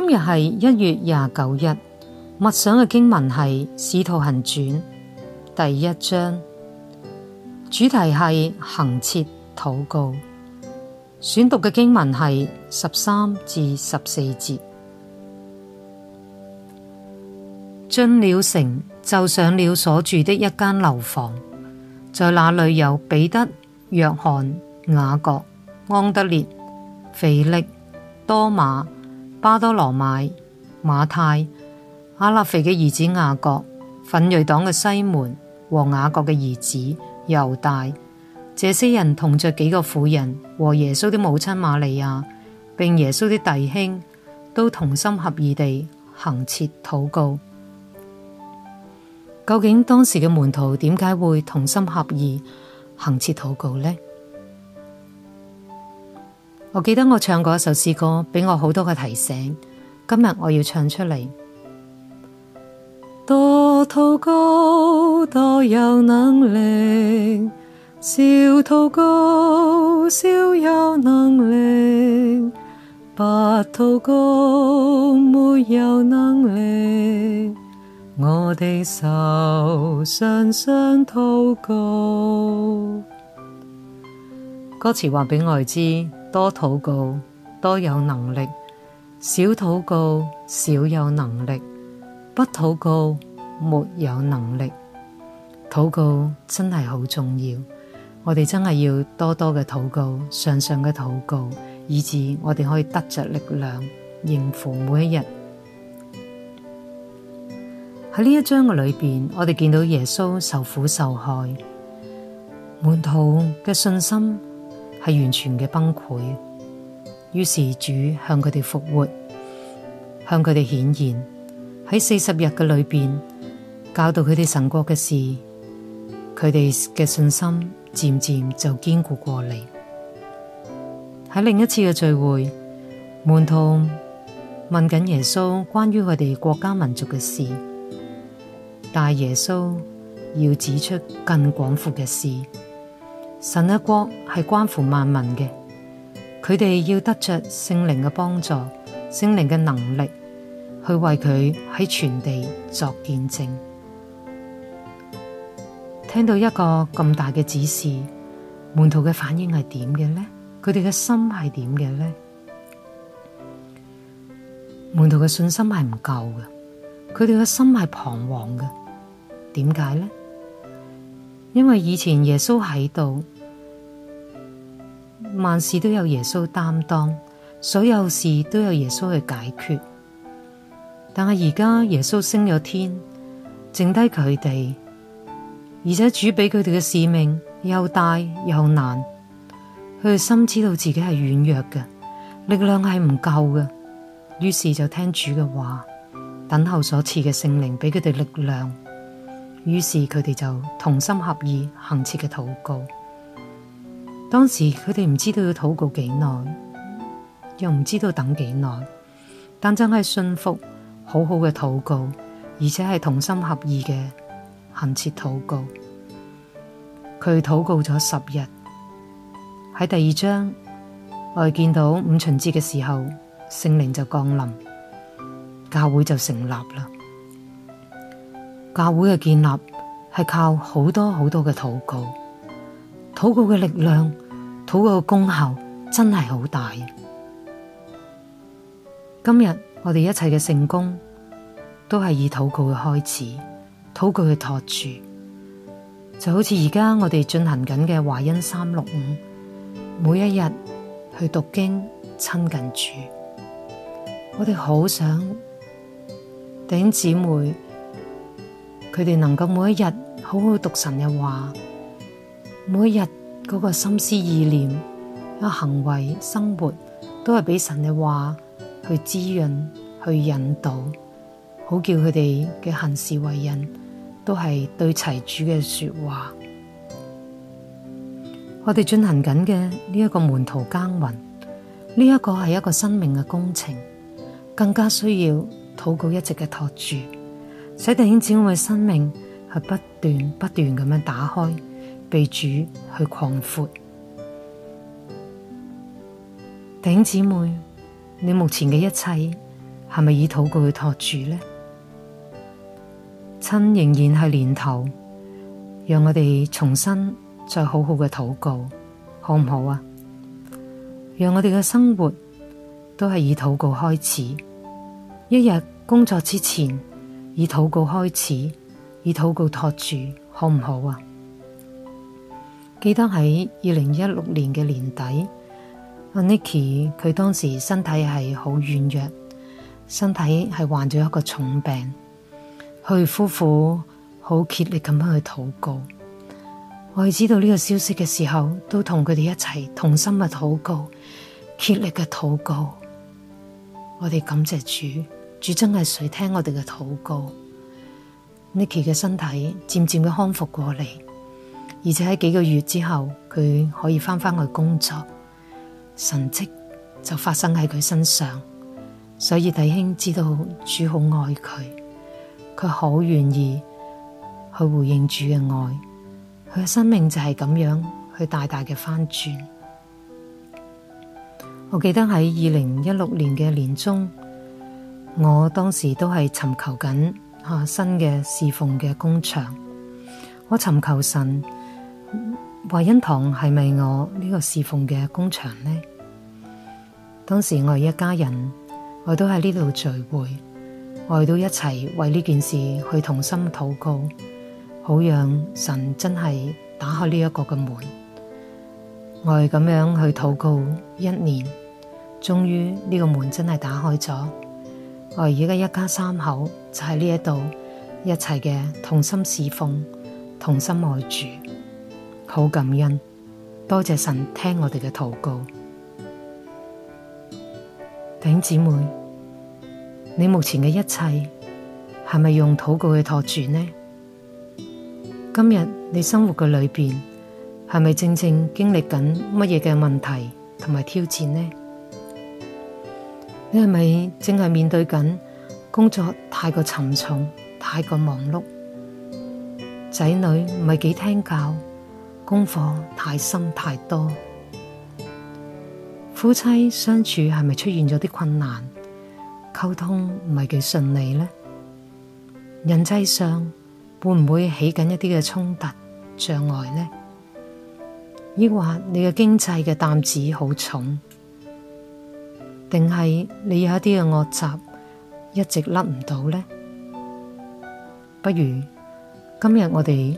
今日係一月廿九日，默想嘅經文係《使徒行傳》第一章，主題係恆切禱告。選讀嘅經文係十三至十四節。進了城，就上了所住的一間樓房，在那裏有彼得、約翰、雅各、安德烈、腓力、多馬。巴多羅買、馬太、亞勒腓嘅兒子雅各、奮銳黨嘅西門和雅各嘅兒子猶大，這些人同着幾個婦人和耶穌的母親瑪利亞，並耶穌的弟兄，都同心合意地恆切禱告。究竟當時嘅門徒點解會同心合意恆切禱告呢？我記得我唱過一首詩歌，俾我好多嘅提醒。今日我要唱出嚟多禱告，多有能力；少禱告，少有能力；白禱告，沒有能力。我哋受神神禱告。歌詞話俾我知。多禱告多有能力，少禱告少有能力，不禱告沒有能力。禱告真係好重要，我哋真係要多多嘅禱告，常常嘅禱告，以致我哋可以得着力量應付每一日。喺呢一章裏邊，我哋見到耶穌受苦受害，門徒嘅信心。係完全嘅崩潰，於是主向佢哋復活，向佢哋顯現喺四十日嘅裏邊，教導佢哋神國嘅事，佢哋嘅信心漸漸就堅固過嚟。喺另一次嘅聚會，門徒問緊耶穌關於佢哋國家民族嘅事，但耶穌要指出更廣闊嘅事。神嘅國係關乎萬民嘅，佢哋要得着聖靈嘅幫助，聖靈嘅能力去為佢喺全地作見證。聽到一個咁大嘅指示，門徒嘅反應係點嘅呢？佢哋嘅心係點嘅呢？門徒嘅信心係唔夠嘅，佢哋嘅心係彷徨嘅。點解呢？因為以前耶穌喺度，萬事都有耶穌擔當，所有事都有耶穌去解決。但係而家耶穌升咗天，剩低佢哋，而且主畀佢哋嘅使命又大又難，佢哋深知道自己係軟弱嘅，力量係唔夠嘅，於是就聽主嘅話，等候所賜嘅聖靈畀佢哋力量。於是佢哋就同心合意恆切嘅禱告。當時佢哋唔知道要禱告幾耐，又唔知道等幾耐，但真係信服，好好嘅禱告，而且係同心合意嘅恆切禱告。佢禱告咗十日，喺第二章我們見到五旬節嘅時候，聖靈就降臨，教會就成立啦。教會嘅建立係靠好多好多嘅禱告，禱告嘅力量，禱告嘅功效真係好大。今日我哋一切嘅成功都係以禱告嘅開始，禱告嘅托住，就好似而家我哋進行緊嘅華恩三六五，每一日去讀經親近主。我哋好想弟兄姊妹。佢哋能夠每一日好好讀神嘅話，每一日嗰個心思意念、個行為生活，都係俾神嘅話去滋潤、去引導，好叫佢哋嘅行事為人都係對齊主嘅說話。我哋進行緊嘅呢一個門徒耕耘，呢一個係一個生命嘅工程，更加需要禱告一直嘅托住。使弟兄姊妹的生命係不斷不斷咁樣打開，被主去擴闊。弟兄姊妹，你目前嘅一切係咪以禱告去托住呢？親，仍然係年頭，讓我哋重新再好好嘅禱告，好唔好啊？讓我哋嘅生活都係以禱告開始，一日工作之前。以禱告開始，以禱告托住，好唔好啊？記得喺二零一六年嘅年底，阿 Nicky 佢當時身體係好軟弱，身體係患咗一個重病，佢夫婦好竭力咁樣去禱告。我哋知道呢個消息嘅時候，都同佢哋一齊同心嘅禱告，竭力嘅禱告。我哋感謝主。主真係垂聽我哋嘅禱告 n i k i 嘅身體漸漸嘅康復過嚟，而且喺幾個月之後，佢可以翻返去工作，神蹟就發生喺佢身上，所以弟兄知道主好愛佢，佢好願意去回應主嘅愛，佢嘅生命就係咁樣去大大嘅翻轉。我記得喺二零一六年嘅年中。我當時都係尋求緊吓新嘅侍奉嘅工場，我尋求神，華恩堂係咪我呢個侍奉嘅工場呢？當時我哋一家人，我哋都喺呢度聚會，我哋都一齊為呢件事去同心禱告，好讓神真係打開呢一個嘅門。我哋咁樣去禱告一年，終於呢個門真係打開咗。我而家一家三口就喺呢一度，一切嘅同心侍奉，同心愛主，好感恩，多謝神聽我哋嘅禱告。弟兄姊妹，你目前嘅一切係咪用禱告去托住呢？今日你生活嘅裏邊係咪正正經歷緊乜嘢嘅問題同埋挑戰呢？你係咪正係面對緊工作太過沉重、太過忙碌？仔女唔係幾聽教，功課太深太多。夫妻相處係咪出現咗啲困難？溝通唔係幾順利呢？人際上會唔會起緊一啲嘅衝突障礙呢？抑或你嘅經濟嘅擔子好重？定係你有一啲嘅惡習一直甩唔到呢？不如今日我哋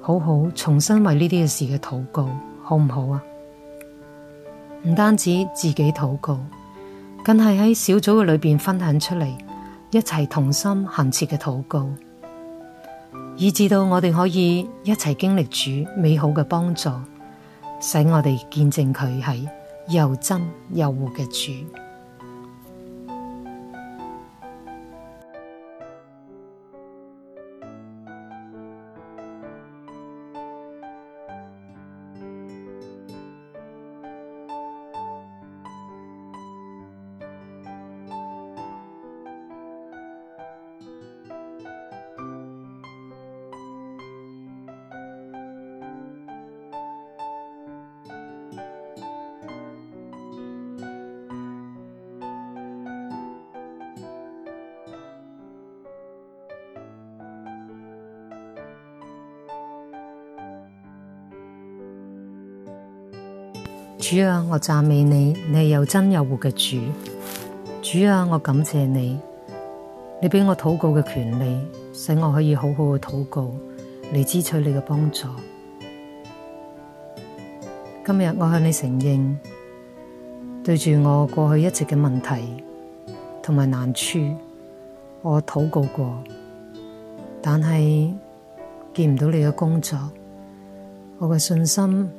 好好重新為呢啲嘅事嘅禱告，好唔好啊？唔單止自己禱告，更係喺小組嘅裏邊分享出嚟，一齊同心恆切嘅禱告，以至到我哋可以一齊經歷主美好嘅幫助，使我哋見證佢喺又真又活嘅主。主啊，我讚美你，你係又真又活嘅主。主啊，我感謝你，你俾我禱告嘅權利，使我可以好好嘅禱告嚟支取你嘅幫助。今日我向你承認，對住我過去一直嘅問題同埋難處，我禱告過，但係見唔到你嘅工作，我嘅信心。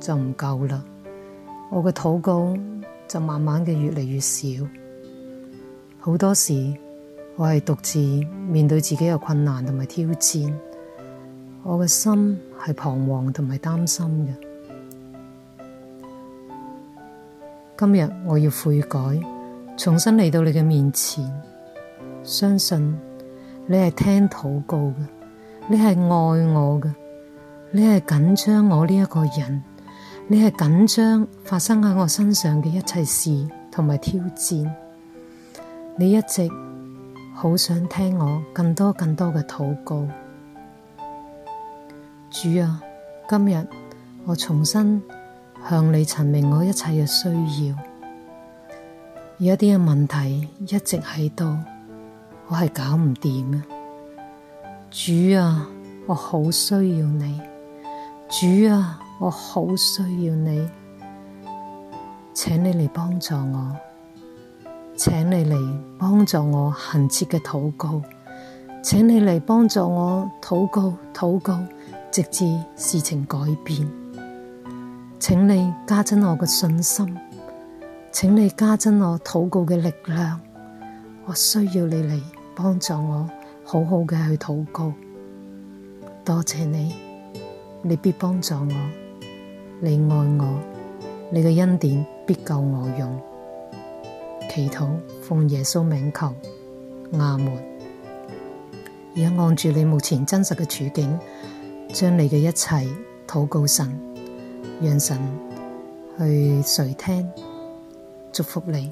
就唔夠啦，我嘅禱告就慢慢嘅越嚟越少，好多時我係獨自面對自己嘅困難同埋挑戰，我嘅心係彷徨同埋擔心嘅。今日我要悔改，重新嚟到你嘅面前，相信你係聽禱告嘅，你係愛我嘅，你係緊張我呢一個人。你係緊張發生喺我身上嘅一切事同埋挑戰，你一直好想聽我更多更多嘅禱告。主啊，今日我重新向你陳明我一切嘅需要，而一啲嘅問題一直喺度，我係搞唔掂啊！主啊，我好需要你，主啊！我好需要你，請你嚟幫助我，請你嚟幫助我恒切嘅禱告，請你嚟幫助我禱告禱告，直至事情改變。請你加增我嘅信心，請你加增我禱告嘅力量。我需要你嚟幫助我，好好嘅去禱告。多謝你，你必幫助我。你愛我，你嘅恩典必夠我用。祈禱，奉耶穌名求，阿們。而家按住你目前真實嘅處境，將你嘅一切禱告神，讓神去垂聽，祝福你。